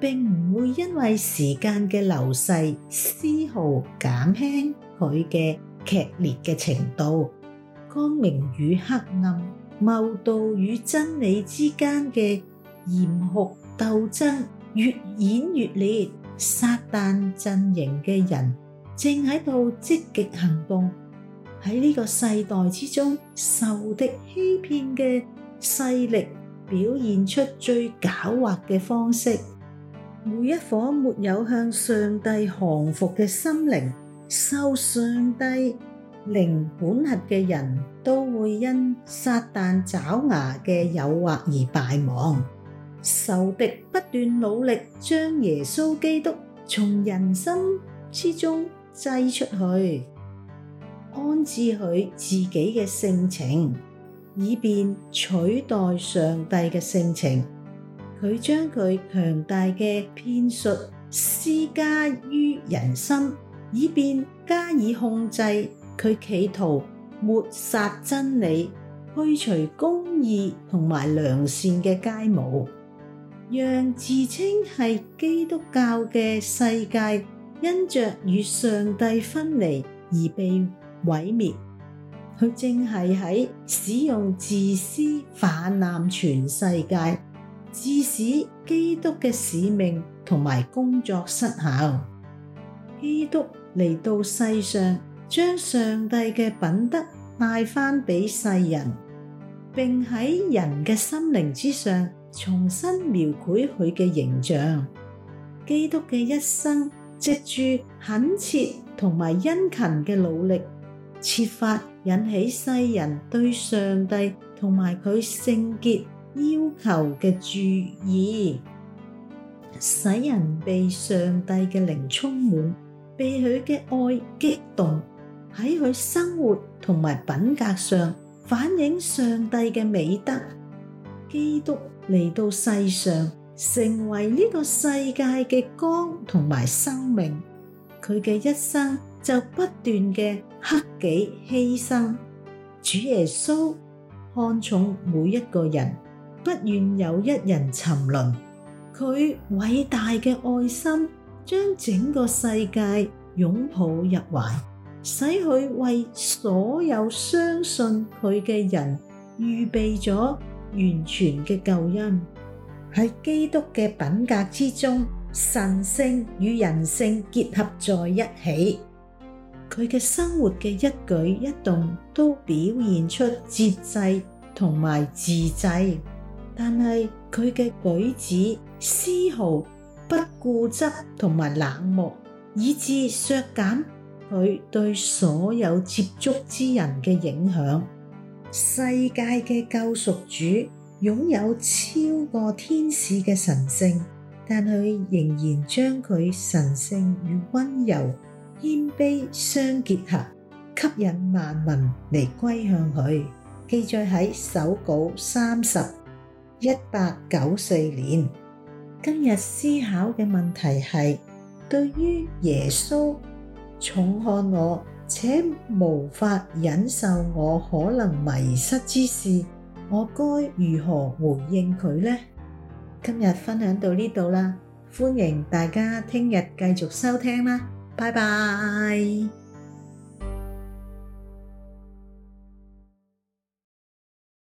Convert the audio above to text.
並唔會因為時間嘅流逝，絲毫減輕佢嘅劇烈嘅程度。光明與黑暗、謬道與真理之間嘅嚴酷鬥爭越演越烈。撒旦陣營嘅人正喺度積極行動。喺呢個世代之中，仇敵欺騙嘅勢力表現出最狡猾嘅方式。每一顆沒有向上帝降服的心靈，受上帝靈管轄的人都會因撒旦爪牙的誘惑而敗亡。仇敵不斷努力將耶穌基督從人生之中擠出去，安置佢自己的性情，以便取代上帝的性情，佢將佢強大嘅騙術施加於人心，以便加以控制。佢企圖抹殺真理、去除公義同埋良善嘅楷模，讓自稱係基督教嘅世界因着與上帝分離而被毀滅。佢正係喺使用自私泛濫全世界。致使基督嘅使命同埋工作失效。基督嚟到世上，將上帝嘅品德帶翻畀世人，並喺人嘅心靈之上重新描繪佢嘅形象。基督嘅一生藉住懇切同埋殷勤嘅努力，設法引起世人對上帝同埋佢聖潔。要求嘅注意，使人被上帝嘅靈充滿，被佢嘅愛激動，喺佢生活同埋品格上反映上帝嘅美德。基督嚟到世上，成為呢個世界嘅光同埋生命，佢嘅一生就不斷嘅克己犧牲。主耶穌看重每一個人。不願有一人沉淪，佢偉大嘅愛心將整個世界擁抱入懷，使佢為所有相信佢嘅人預備咗完全嘅救恩。喺基督嘅品格之中，神性與人性結合在一起，佢嘅生活嘅一舉一動都表現出節制同埋自制。但係佢嘅舉止絲毫不固執同埋冷漠，以致削減佢對所有接觸之人嘅影響。世界嘅救贖主擁有超過天使嘅神性，但佢仍然將佢神性與溫柔、謙卑相結合，吸引萬民嚟歸向佢。記載喺手稿三十。一八九四年，今日思考嘅問題係：對於耶穌重看我且無法忍受我可能迷失之事，我該如何回應佢呢？今日分享到呢度啦，歡迎大家聽日繼續收聽啦，拜拜。